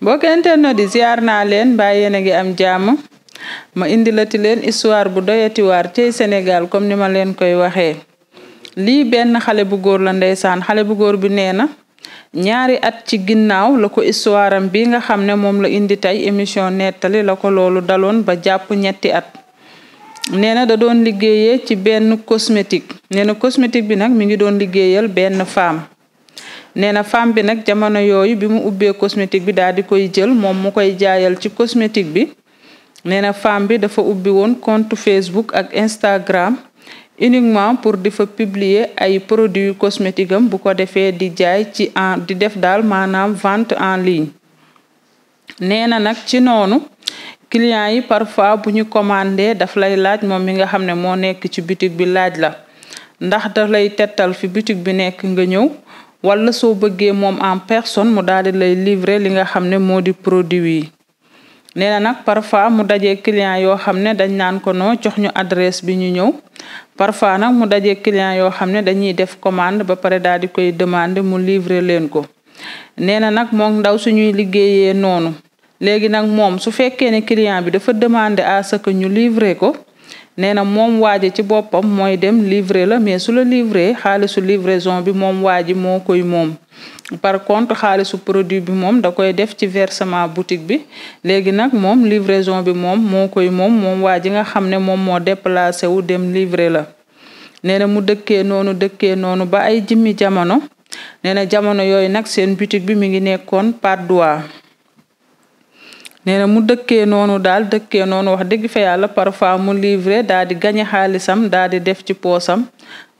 mbokk internet yi ziar naa leen mbaa yéen a ngi am jàmm ma indilati leen histoire bu doyati waar cey Sénégal comme ni ma leen koy waxee lii benn xale bu góor la ndeysaan xale bu góor bi nee na ñaari at ci ginnaaw la ko histoire am bi nga xam ne moom la indi tey émission nettali la ko loolu daloon ba jàpp ñetti at nee na da doon liggéeyee ci benn cosmétique nee na bi nag mi ngi doon liggéeyal benn femme nee na femme bi nag jamono yooyu bi mu ubbee cosmétique bi daal di koy jël moom mu koy jaayal ci cosmétique bi nee na femme bi dafa ubbi woon compte Facebook ak Instagram uniquement pour di fa publier ay produits cosmétiques am bu ko defee di jaay ci en di def daal maanaam vente en ligne nee na nag ci noonu clients yi parfois bu ñu commandé daf lay laaj moom mi nga xam ne moo nekk ci boutique bi laaj la ndax daf lay tetal fi boutique bi nekk nga ñëw wala soo bëggee moom en personne mu daal di lay livrer li nga xam ne moo di produit yi nee na nag parfois mu dajee client yoo xam ne dañ naan ko noo jox ñu adresse bi ñu ñëw parfois nag mu dajee client yoo xam ne dañuy def commande ba pare daal di koy demander mu livrer leen ko nee na nag mook ndaw su ñuy liggéeyee noonu léegi nag moom su fekkee ne client bi dafa demander à ce ñu livrer ko nee na moom waaji ci boppam mooy dem livrer la mais su la livrer xaalisu livraison bi moom waaji moo koy moom par contre xaalisu produit bi moom da koy def ci versement boutique bi léegi nag moom livraison bi moom moo koy moom moom waa ji nga xam ne moom moo déplacé wu dem livrer la nee na mu dëkkee noonu dëkkee noonu ba ay jimmi jamono nee na jamono yooyu nag seen boutique bi mu ngi nekkoon Patte d'Oie nee mu dëkkee noonu daal dëkke noonu wax dëgg fa yàlla parfois mu livrer daa di gañe xaalisam daa di def ci poosam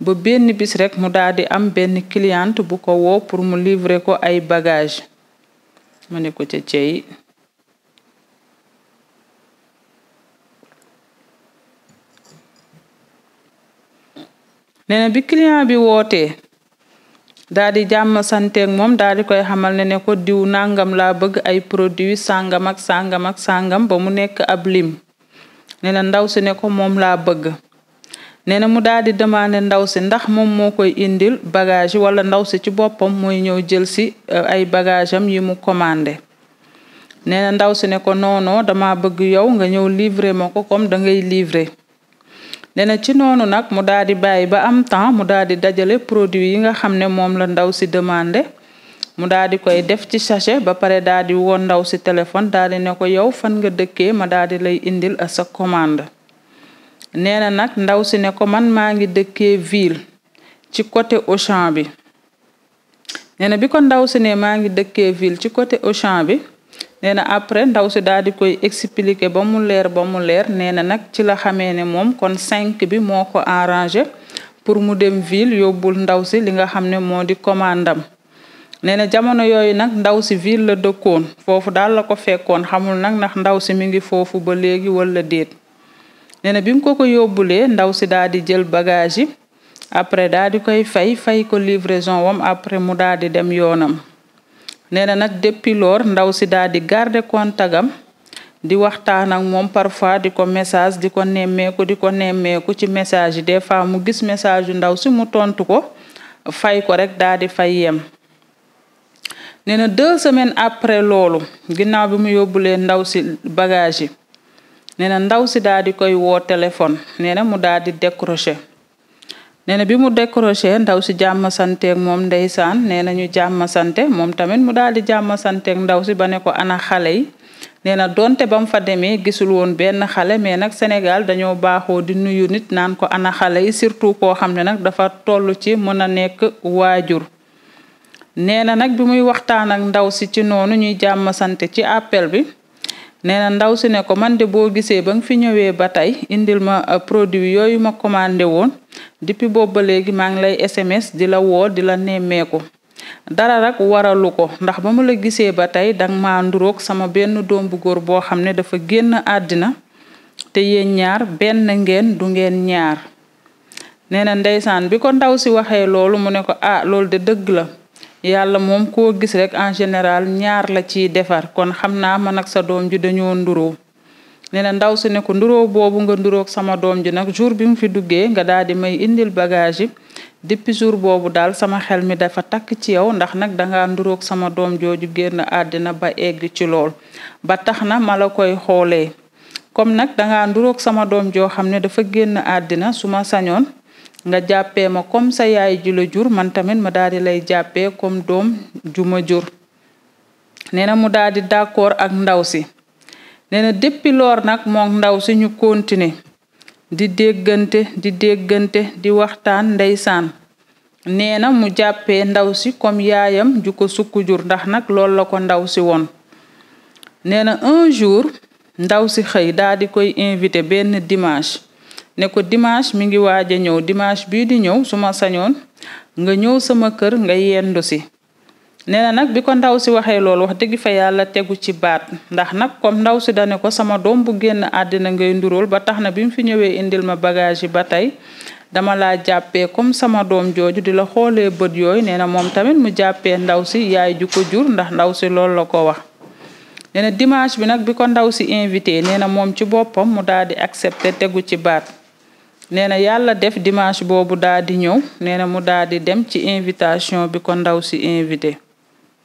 ba benn bis rek mu daa am benn cliente bu ko woo pour mu livre ko ay bagage ma ne ko ci cey nee na bi client bi wootee daa di jàmm santeeg moom daa di koy xamal ne ne ko diw nangam laa bëgg ay produit sàngam ak sàngam ba mu nekk ab lim ne na ndaw si ne ko moom laa bëgg nee na mu daal di demandé ndaw si ndax moom moo koy indil bagage wala ndaw si ci boppam mooy ñëw jël si euh, ay bagage am yi mu commandé nee na ndaw si ne ko noonoo dama bëgg yow nga ñëw livrer ma ko comme da ngay livrer nee ci noonu nag mu daal di bàyyi ba am temps mu daal di dajale produit yi nga xam ne moom la ndaw si demande mu daal di koy def ci sachet ba pare daal di woo ndaw si téléphone daal ne ko yow fan nga dëkkee ma daal lay indil a sa commande nee na nag ndaw si ne ko man maa ngi dëkke ville ci côté Auchan bi nee na bi ko ndaw si ne maa ngi dëkkee ville ci côté Auchan bi nee na après ndaw si daal di koy expliquer ba mu leer ba mu leer nee na nag ci la xamee ne moom kon cinq bi moo ko arrangé pour mu dem ville yóbbul ndaw si li nga xam ne moo di commandam nee na jamono yooyu nag ndaw si ville la dëkkoon foofu daal la ko fekkoon xamul nag ndax ndaw si mi ngi foofu ba léegi wala déet nee na bi mu ko ko yóbbulee ndaw si daal di jël bagage yi après daal di koy fay fay ko livraison wam après mu daal di dem yoonam nee na nag depuis ndaw si daal di garder di waxtaan ak moom parfois di ko message di ko nemmeeku di ko nemmeeku ci message yi des fois mu gis message yu ndaw si mu tontu ko fay ko rek daal di fay yem. nee na deux semaines après loolu ginnaaw bi mu yóbbulee ndaw si bagage yi nee na ndaw si daal di koy woo téléphone nee na mu daal di décrocher. nee bi mu décroché ndaw si jàmm santeeg moom ndeysaan nee na ñu jàmm sante moom tamit mu daal di jàmm santeeg ndaw si ba ne ko ana xale yi nee na donte ba mu fa demee gisul woon benn xale mais nag Sénégal dañoo baaxoo di nuyu nit naan ko ana xale yi surtout koo xam ne nag dafa toll ci mën a nekk waajur nee na nag bi muy waxtaan ak ndaw si ci noonu ñuy jàmm sante ci appel bi nee na ndaw si ne ko man de boo gisee ba nga fi ñëwee ba tey indil ma uh, produit yooyu ma commandé woon depuis boobu ba léegi maa ngi lay SMS di la woo di la nemmeeku dara rek waralu ko ndax ba mu la gisee ba tey danga ma nduroog sama benn doom bu góor boo xam ne dafa génn àddina te yéen ñaar benn ngeen du ngeen ñaar nee na ndeysaan bi ko ndaw si waxee loolu mu ne ko ah loolu de dëgg la yàlla moom koo gis rek en général ñaar la ciy defar kon xam naa man ak sa doom ji dañoo nduroo nee na ndaw si ne ko nduroo boobu nga nduroog sama doom ji nag jour bi mu fi duggee nga daal di may indil bagage yi depuis jour boobu daal sama xel mi dafa takk ci yow ndax nag danga nduroog sama doom jooju génn àddina ba egg ci lool ba tax na ma la koy xoolee comme nag danga nduroog sama doom joo xam ne dafa génn àddina su ma sañoon nga jàppee ma comme sa yaay ju jur man tamit ma daal di lay jàppee kom doom ju ma jur nee na mu daal di d'accord ak ndaw si nee na depuis loor nag moom ndaw si ñu continuer di déggante di déggante di waxtaan ndeysaan nee na mu jàppee ndaw si comme yaayam ju ko sukku jur ndax nag loolu la ko ndaw si woon nee un jour ndaw si xëy daal koy invité benn dimanche ne ko dimanche mi ngi waaj a ñëw dimanche bii di ñëw suma sañoon nga ñëw sama kër nga yendu si nee nag bi ko ndaw si waxee loolu wax dëgg fa yàlla tegu ci baat ndax nag comme ndaw si dane ko sama doom bu génn àddina ngay ndurool ba tax na bi mu fi ñëwee indil ma bagage yi ba tey dama laa jàppee comme sama doom jooju di la xoole bët yooyu nee na moom tamit mu jàppee ndaw si yaay ju ko jur ndax ndaw si loolu la ko wax nee dimanche bi nag bi ko ndaw si invité nee na moom ci boppam mu dal di accepté tegu ci baat nee na yàlla def dimanche boobu daa di ñëw nee na mu daa di dem ci invitation bi ko ndaw si invité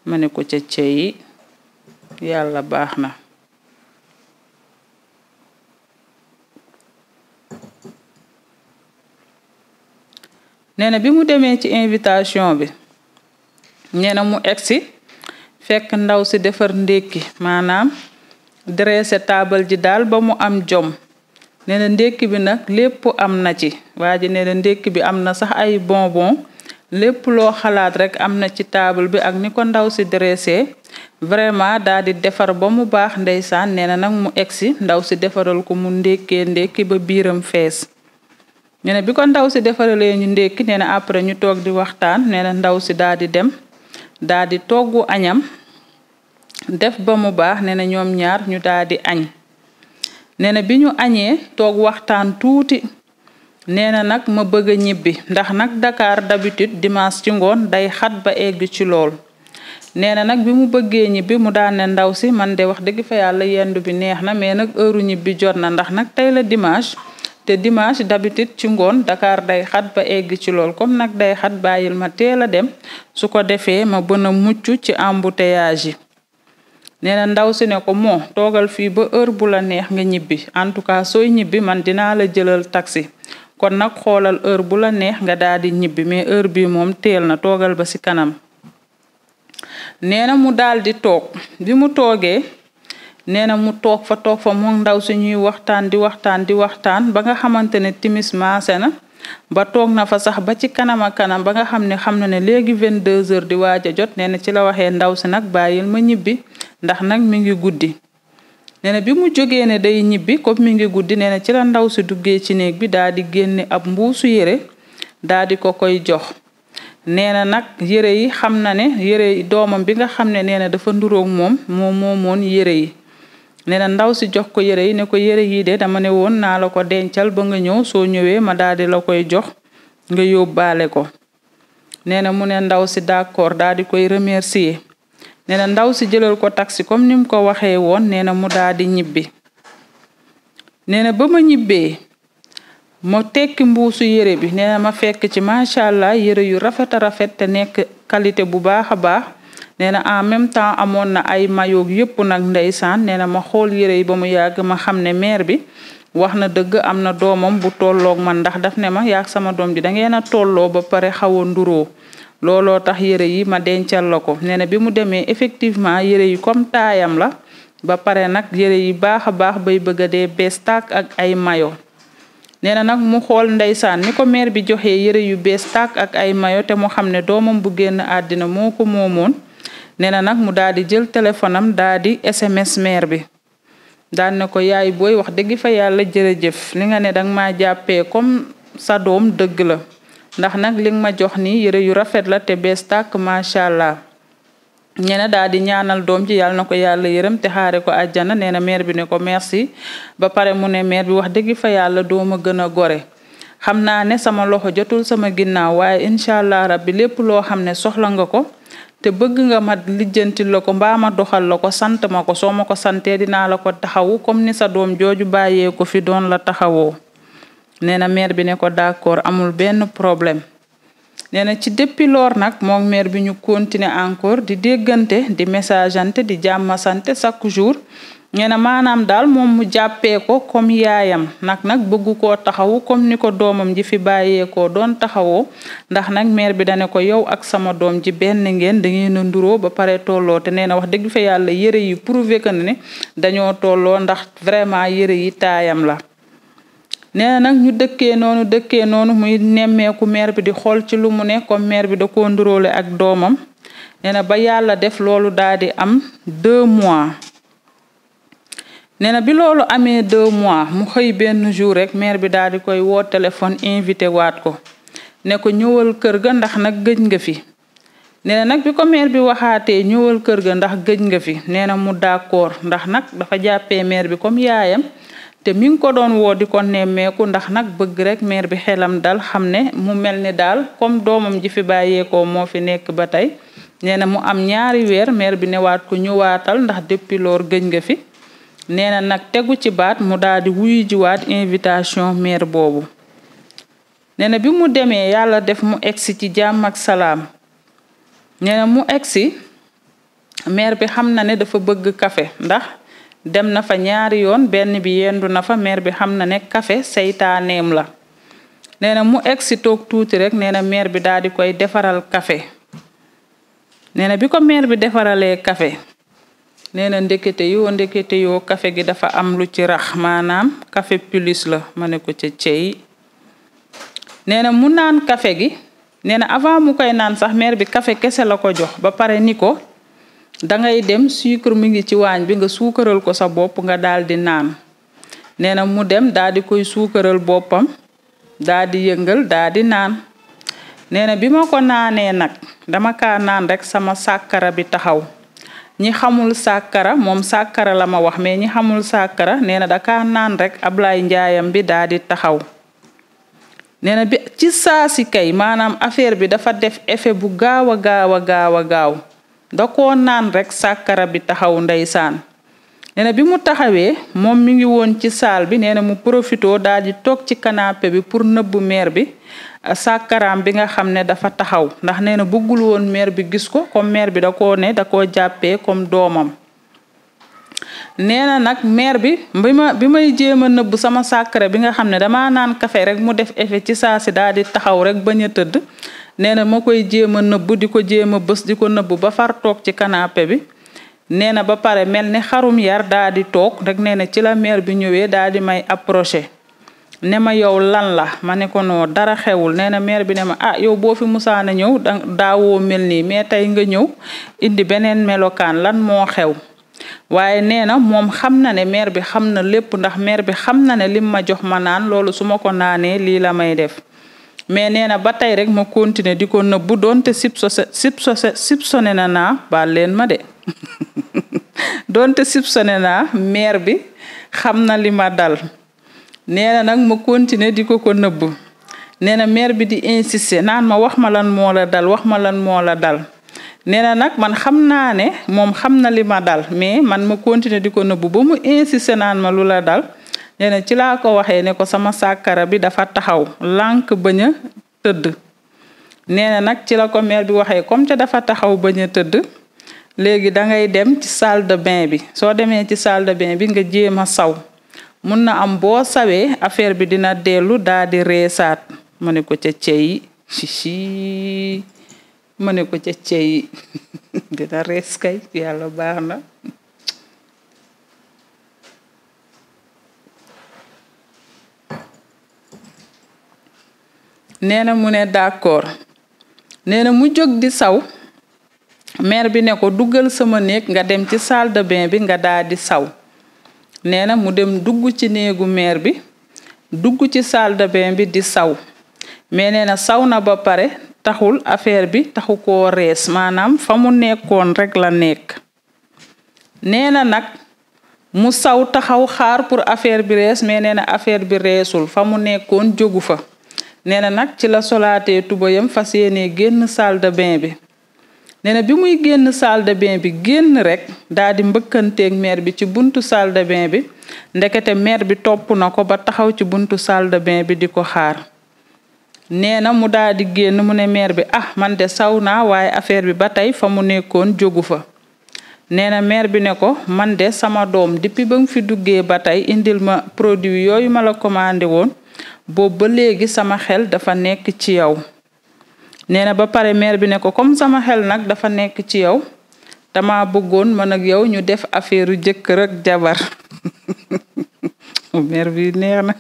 ma ne ko ca ceyi yàlla baax na nee na bi mu demee ci invitation bi nee na mu egsi fekk ndaw si defar ndékki maanaam dressé taabal ji daal ba mu am jom nee na ndékki bi nag lépp am na ci waa ji nee na ndékki bi am na sax ay bonbon lépp loo xalaat rek am na ci table bi ak ni ko ndaw si dressé vraiment daal di defar ba mu baax ndeysaan nee na nag mu egsi ndaw si defaral ko mu ndékkee ndékki ba biiram fees nee na bi ko ndaw si defaralee ñu ndékki nee na après ñu toog di waxtaan nee na ndaw si daal di dem daal di toggu añam def ba mu baax nee na ñoom ñaar ñu daal di añ nee na bi ñu añee toog waxtaan tuuti nee na nag ma bëgg ñibbi ndax nag Dakar d'habitude dimanche ci ngoon day xat ba egg ci lool nee na nag bi mu bëggee ñibbi mu daan ndaw si man de wax dëgg fa yàlla yendu bi neex na mais nag heure ñibbi jot na ndax nag tey la dimanche te dimanche d'habitude ci ngoon Dakar day xat ba egg ci lool comme nag day xat bàyyil ma teel a dem su ko defee ma bën a mucc ci embouteillage yi nee na ndaw si ne ko moo toogal fii ba heure bu la neex nga ñibbi en tout cas sooy ñibbi man dinaa la jëlal taxi kon nag xoolal heure bu la neex nga daal di ñibbi mais heure bii moom teel na toogal ba si kanam nee na mu dal di toog bi mu toogee nee na mu toog fa toog fa moom ndaw si ñuy waxtaan di waxtaan di waxtaan ba nga xamante ne timis maase na ba toog na fa sax ba ci kanam kanam ba nga xam ne xam na ne léegi 22 heures di waaja jot nee na ci la waxee ndaw si nag bàyyil ma ñibbi ndax nag mi ngi guddi. nee bi mu jógee ne day ñibbi comme mi ngi guddi nee na ci la ndaw si duggee ci néeg bi daa di génne ab mbuusu yére daa di ko koy jox. nee na nag yére yi xam na ne yére yi doomam bi nga xam ne nee na dafa nduróog moom moom moomoon yére yi. nee na ndaw si jox ko yére yi ne ko yére yii de dama ne woon naa la ko dencal ba nga ñëw soo ñëwee ma daal di la koy jox nga yóbbaale ko nee na mu ne ndaw si d'accord daal di koy remercier nee na ndaw si jëlal ko taxi comme ni mu ko waxee woon nee na mu daal di ñibbi nee na ba ma ñibbee ma tekki mbuusu yére bi nee na ma fekk ci macha allah yére yu rafet a rafet te nekk qualité bu baax a baax nee na en même temps amoon na ay mayoog yëpp nag ndeysaan nee na ma xool yére yi ba mu yàgg ma xam ne maire bi wax na dëgg am na doomam bu tolloog man ndax daf ne ma yaag sama doom ji da ngeen a tolloo ba pare xaw a nduroo looloo tax yére yi ma dencal la ko nee na bi mu demee effectivement yére yi comme taayam la ba pare nag yére yi baax a baax bay bëgg a dee bees tàkk ak ay mayo nee na nag mu xool ndeysaan ni ko maire bi joxee yére yu bees tàkk ak ay mayo te mu xam ne doomam bu génn àddina moo ko moomoon nee na nag mu daal di jël téléphone am daal di SMS maire bi daan ne ko yaay booy wax dëgg fa yàlla jërëjëf li nga ne danga maa jàppee comme sa doom dëgg la ndax nag li nga ma jox nii yëre yu rafet la te bees tàkk macha allah. ñene daal di ñaanal doom ji yàlla na ko yàlla yërëm te xaare ko àjjana nee na maire bi ne ko merci ba pare mu ne maire bi wax dëgg fa yàlla doom a gën a gore xam naa ne sama loxo jotul sama ginnaaw waaye incha allah rabbi lépp loo xam ne soxla nga ko te bëgg nga ma lijjanti la ko mbaa ma doxal la ko sant ma ko soo ma ko santee dinaa la ko taxawu comme ni sa doom jooju bàyyee ko fi doon la taxawoo nee na maire bi ne ko d'accord amul benn problème nee na ci depuis lor nag moom maire bi ñu continuer encore di déggante di messageante di sante chaque jour nee na maanaam daal moom mu jàppee ko comme yaayam nag nag bëggu ko taxawu comme ni ko doomam ji fi bàyyeekoo doon taxawoo ndax nag mère bi dane ko yow ak sama doom ji benn ngeen da ngeen a nduroo ba pare tolloo te nee na wax dëgg fa yàlla yëre yi prouvé que ne dañoo tolloo ndax vraiment yëre yi taayam la nee na nag ñu dëkkee noonu dëkkee noonu muy nemmeeku meer bi di xool ci lu mu ne comme mère bi da koo nduróole ak doomam nee na ba yàlla def loolu daal di am deux mois nee na bi loolu amee deux mois mu xëy benn jour rek mair bi daal di koy woo téléphone invité waat ko ne ko ñëwal kër ga ndax nag gëj nga fi nee nag bi ko bi waxaatee ñëwal kër ga ndax gëj nga fi nee na mu d'accord ndax nag dafa jàppee maire bi comme yaayam te mi ngi ko doon woo di ko nemmeeku ndax nag bëgg rek mair bi xelam dal xam ne mu mel ni daal comme doomam ji fi bàyyeekoo moo fi nekk ba tey nee na mu am ñaari weer maire bi newaat ko ñëwaatal ndax depuis loor gëj nga fi nee na nag tegu ci baat mu daldi di wuyu jiwaat invitation maire boobu nee bi mu demee yàlla def mu egsi ci jàmmak salaam nee mu egsi maire bi xam na ne dafa bëgg kafe ndax dem na fa ñaari yoon benn bi yendu na fa maire bi xam na ne kafe seytaaneem la nee na mu egsi toog tuuti rek nee na maire bi daal koy defaral kafe nee bi ko maire bi defaralee kafe nee na ndekete yoo ndekete yoo kafe gi dafa am lu ci rax maanaam kafe plus la ma ne ko ca cey nee na mu naan kafe gi nee na avant mu koy naan sax mère bi kafe kese la ko jox ba pare ni ko da dem sucre mu ngi ci waañ bi nga suukaral ko sa bopp nga daal di naan nee na mu dem daal di koy suukaral boppam daal di yëngal daal naan nee na bi ma ko naanee nag dama ka naan rek sama sàkkara bi taxaw ñi xamul sàkkara moom sàkkara la ma wax mais ñi xamul sàkkara nee na daka naan rek Ablaay njaayam bi daa di taxaw nee bi ci saa si kay maanaam affaire bi dafa def effet bu gaaw a gaaw a gaaw a gaaw da koo naan rekk sàkkara bi taxaw ndeysaan nee bi mu taxawee moom mu ngi woon ci saal bi nee na mu profitoo daal di toog ci kanaape bi pour nëbbu meer bi sàkkaraam bi nga xam ne dafa taxaw ndax nee na bëggul woon maire bi gis ko comme meer bi da koo ne da koo jàppee comme doomam nee na nag meer bi bi ma bi may jéem a nëbb sama sàkkara bi nga xam ne dama naan kafe rek mu def effet ci saa si daal di taxaw rek bañ a tëdd nee na ma koy jéem a nëbb di ko jéem a bës di ko nëbb ba far toog ci kanaape bi nee na ba pare mel ni xarum yar daal di toog rek nee na ci la maire bi ñëwee daal di may approché ne ma yow lan la ma ne ko noo dara xewul nee na maire bi ne ma ah yow boo fi musaana ñëw da daawoo mel nii mais tey nga ñëw indi beneen melokaan lan moo xew waaye nee na moom xam na ne maire bi xam na lépp ndax meer bi xam na ne lim ma jox ma naan loolu su ma ko naanee lii la may def mais nee na ba tey rek ma continuer di ko nëbbu doonte sipsose sipsose sipsone na naa baal ma de doonte sipsone naa maire bi xam na li ma dal nee nag ma continuer di ko ko nëbb nee na maire bi di insister naan ma wax ma lan moo la dal wax ma lan moo la dal nee na nag man xam naa ne moom xam na li ma dal mais man ma continuer di ko nëbb ba mu insise naan ma lu la dal nee na ci laa ko waxee ne ko sama sàkkara bi dafa taxaw lànk bañ a tëdd nee nag ci la ko maire bi waxee comme ca dafa taxaw bañ a tëdd léegi da ngay dem ci salle bi soo demee ci salle de bi nga jéem a saw mun na am boo sawee affaire bi dina dellu daa di reesaat ma ne ko ca cey si ma ne ko ca cey dina rees kay yàlla baax na nee na mu ne d'accord nee na mu jóg di saw maire bi ne ko duggal sama néeg nga dem ci salle de bain bi nga daa di saw nee na mu dem dugg ci néegu meer bi dugg ci saldabin bi di saw mais na saw na ba pare taxul affaire bi taxu ko rees maanaam fa mu nekkoon rek la nekk nee na nag mu saw taxaw xaar pour affaire bi rees mais na affaire bi reesul fa mu nekkoon jógu fa neena nag ci la solaate tubayam fa yéenee génn saldabin bi nee na bi muy génn salle de bi génn rekk daldi di mbëkkanteeg maire bi ci buntu salle bi ndekete maire bi topp na ko ba taxaw ci buntu saldabin bi di ko xaar nee na mu daldi génn mu ne meer bi ah man de saw naa waaye affaire bi ba tey fa mu nekkoon jógu fa nee na maire bi ne ko man de sama doom depuis ba fi duggee ba tey indil ma produit yooyu ma la commandé woon boobu ba léegi sama xel dafa nekk ci yow nee na ba pare maire bi ne ko comme sama xel nag dafa nekk ci yow dama bëggoon man ak yow ñu def affaire u jabar maire bi neex na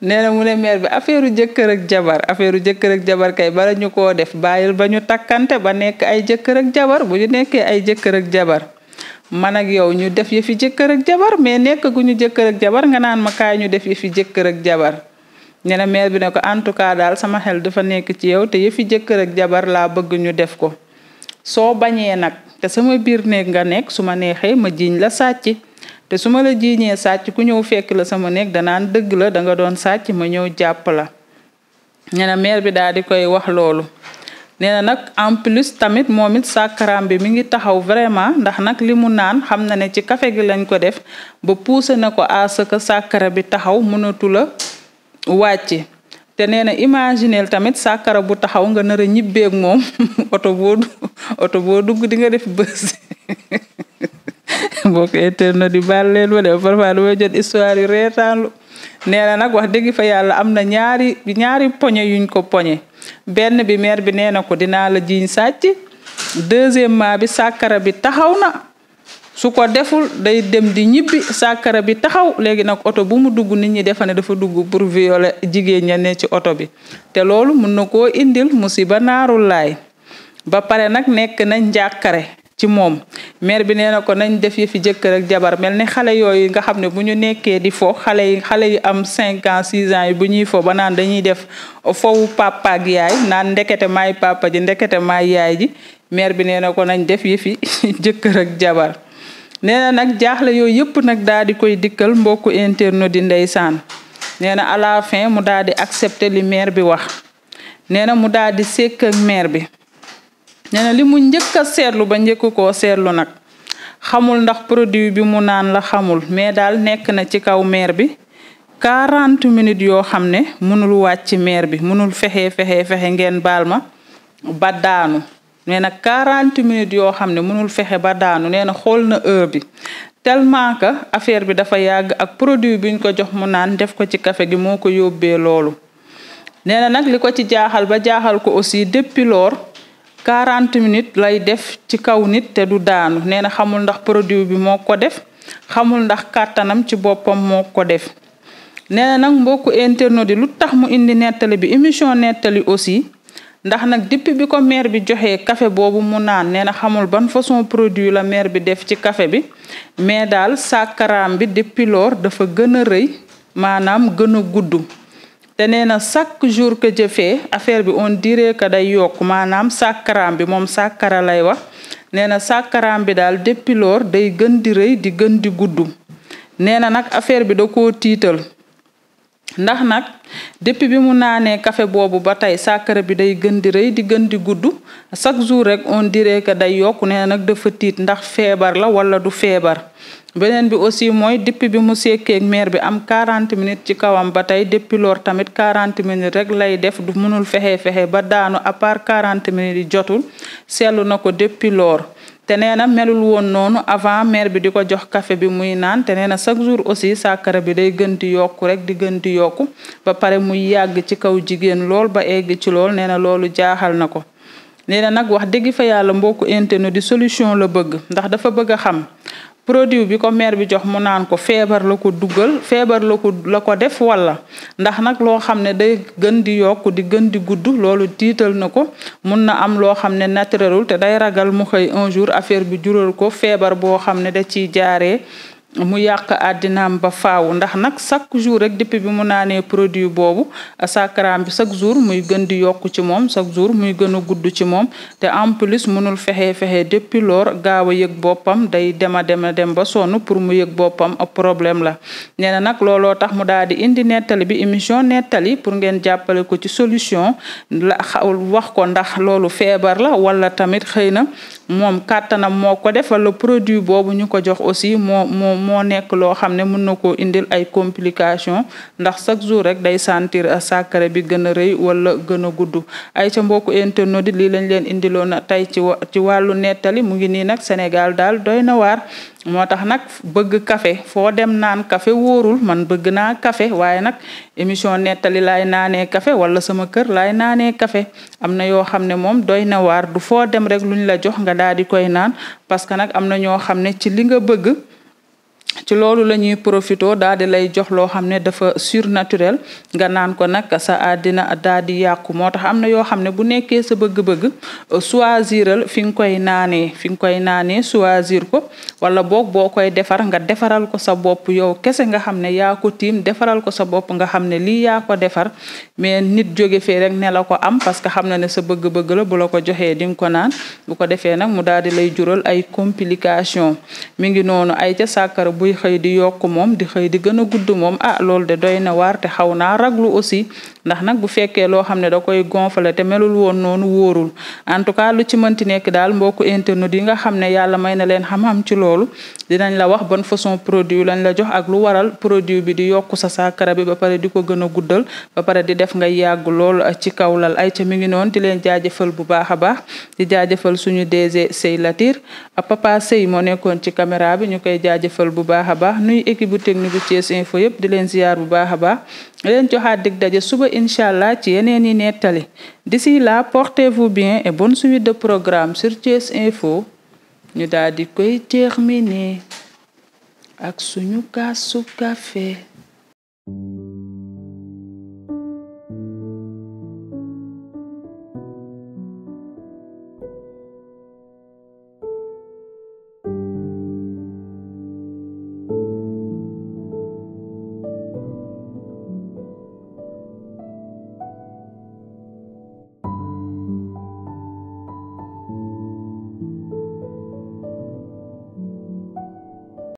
nee na mu ne maire bi affaire u jëkkër ak jabar affaire u jëkkër ak jabar kay bala ñu koo def bàyyil ba ñu takkante ba nekk ay jëkkër ak jabar bu ñu nekkee ay jëkkër ak jabar man nag yow ñu def yëfi jëkkër ak jabar mais nekk gu ñu jëkkër jabar nga naan ma kaay ñu def yëfi jëkkër ak jabar nee maire bi ne ko en tout cas daal sama xel dafa nekk ci yow te yëfi jëkkër ak jabar laa bëgg ñu def ko soo bañee nag te sama biir néeg nga nekk su ma neexee ma jiiñ la sàcc te su ma la jiiñee sàcc ku ñëw fekk la sama néeg danaan dëgg la da nga doon sàcc ma ñëw jàpp la nee maire bi daal di koy wax loolu nee na nag en plus tamit moom it sàkkaraam bi mi ngi taxaw vraiment ndax nag li mu naan xam na ne ci kafe gi lañ ko def ba poussé na ko à ce que sàkkara bi taxaw mënatu wàcc te nee na imagineel tamit sàkkara bu taxaw nga nar a ñibbeeg moom oto boo oto boo dugg di nga def bës boo ko na di baal leen ma de histoire yu reetaanlu na nag wax dëgg fa yàlla am na ñaari ñaari poñe yuñ ko poñe benn bi maire bi nee na ko dinaa la jiiñ sàcc deuxièmement bi sàkkara bi taxaw na su ko deful day dem di ñibbi sàkkara bi taxaw léegi nag oto bu mu dugg nit ñi defa ne dafa dugg pour violer jigéen ña ne ci oto bi te loolu mun na koo indil musiba naaru laay ba pare nag nekk nañ njàkkare ci moom maire bi nee na ko nañ def yëfi jëkkër ak jabar mel ni xale yooyu nga xam ne bu ñu nekkee di fo xale yi xale yu am cinq ans yi bu ñuy fo ba naan dañuy def fowu papa yaay naan ndekete maay ndekete maay yaay ji maire bi nee na ko nañ def yëfi jëkkër ak jabar nee na nag jaaxle yooyu yëpp nag daal di koy dikkal mbokku internet di ndeysaan nee na à mu daal di accepter li maire bi wax nee na mu daldi di sekk bi nee na li mu njëkk a seetlu ba njëkk ko seetlu nag xamul ndax produit bi mu naan la xamul mais daal nekk na ci kaw maire bi quarante minutes yoo xam ne mënul wàcc maire bi mënul fexe fexe fexe ngeen baal ma ba daanu nee na 40 minutes yoo xam ne mënul fexe ba daanu nee na xool na heure bi tellement que affaire bi dafa yàgg ak produit bi ñu ko jox mu naan def ko ci kafe gi moo ko yóbbee loolu. nee na nag li ko ci jaaxal ba jaaxal ko aussi depuis lors quarante minutes lay def ci kaw nit te du daanu nee na xamul ndax produit bi moo ko def xamul ndax kattanam ci boppam moo ko def. nee na nag mbokku internet yi lu tax mu indi nettali bi émission nettali aussi. ndax nag depuis bi ko maire bi joxee kafe boobu mu naan nee na xamul ban façon produit la maire bi def ci kafe bi mais daal sàkkaraam bi depuis dafa gën a rëy maanaam gën a gudd te nee na chaque jour que jëfee affaire bi on dirait que day yokk maanaam sàkkaraam bi moom sàkkara lay wax nee na sàkkaraam bi daal depuis day gën di rëy di gën di gudd nee na nag affaire bi da ko tiital ndax nag depuis bi mu naanee kafe boobu ba tey sàkkara bi day gën di rëy di gën di gudd chaque jour rek on dirait que day yokk nee nag dafa tiit ndax feebar la wala du feebar beneen bi aussi mooy depuis bi mu sekkeeg maire bi am 40 minutes ci kawam ba tey depuis loor tamit 40 minutes rek lay def du mënul fexe fexe ba daanu à part 40 minutes yi jotul seetlu na ko depuis loor te nee na melul woon noonu avant maire bi di ko jox kafe bi muy naan te nee na chaque jour aussi sàkkara bi day gën di yokku rek di gën di yokku ba pare muy yàgg ci kaw jigéen lool ba egg ci lool nee na loolu jaaxal na ko nee nag wax dëgg fa yàlla mbokku internet di solution la bëgg ndax dafa bëgg a xam produit bi ko maire bi jox mu naan ko feebar la ko dugal feebar la ko la ko def wala ndax nag loo xam ne day gën di yokk di gën di gudd loolu tiital na ko mun na am loo xam ne naturelul te day ragal mu xëy un jour affaire bi jural ko feebar boo xam ne da ciy jaaree mu yàq àddinaam ba faaw ndax nag chaque jour rek depuis bi mu naanee produit boobu sàkkaraam bi chaque jour muy gën di yokk ci moom chaque jour muy gën a gudd ci moom te en plus munul fexe fexe depuis lors gaaw a yëg boppam day dema dema dem ba sonn pour mu yëg boppam ab problème la nee na nag looloo tax mu daal di indi nettali bi émission nettali pour ngeen jàppale ko ci solution la wax ko ndax loolu feebar la wala tamit xëy na moom kàttanam def wala produit boobu moo nekk loo xam ne mën na koo indil ay complication ndax chaque jour rek day sentir euh, sàkkare bi gën a rëy wala gën a gudd ay ca mbokku internet di lii lañ leen indiloon tey ci ci wàllu nettali mu ngi nii nag Sénégal daal doy na waar moo tax nag bëgg kafe foo dem naan kafe wóorul man bëgg naa kafe waaye nag émission nettali laay naanee kafe wala sama kër laay naanee kafe am na yoo xam ne moom doy na waar du foo dem rek luñ la jox nga daal koy naan parce que nag am na ñoo ci loolu la ñuy profito daal di lay jox loo xam ne dafa surnaturel nga naan ko nag sa àddina daal di yàqu moo tax am na yoo xam ne bu nekkee sa bëgg-bëgg euh, choisiral fi nga koy naanee fi nga koy naanee choisir ko wala boog boo koy defar nga defaral ko sa bopp yow kese nga xam ne yaa ko tiim defaral ko sa bopp nga xam ne lii yaa ko defar mais nit jóge fee rek ne la ko am parce que xam na ne sa bëgg-bëgg la bu la ko joxee di nga naan bu ko defee nag mu daal di lay jural ay complication mi ngi noonu ay ca sàkkara buy xëy di yokk moom di xëy di gën a gudd moom ah loolu de doy na waar xaw naa raglu aussi ndax nag bu fekkee loo xam ne da koy gonfale te melul woon noonu wóorul en tout cas lu ci mënti nekk daal mbokku internet yi nga xam ne yàlla may na leen xam-xam ci loolu dinañ la wax ban façon produit lañ la jox ak lu waral produit bi di yokku sa saakara bi ba pare di ko gën a guddal ba pare di def ngay yàgg lool ci kaw ay ca mi ngi noonu di leen jaajëfal bu baax a bax di jaajëfal suñu DG Sey Latir papa Sey moo nekkoon ci caméra bi ñu koy jaajëfal bu baax a baax nuy équipe technique bu Info yëpp di leen ziyaar bu baax a baax leen joxaat dig daje suba incha allah ci yeneen yi nettali d'ici là portez-vous bien et bonne suite de programme sur Info ñu daal di koy terminer ak suñu kaasu café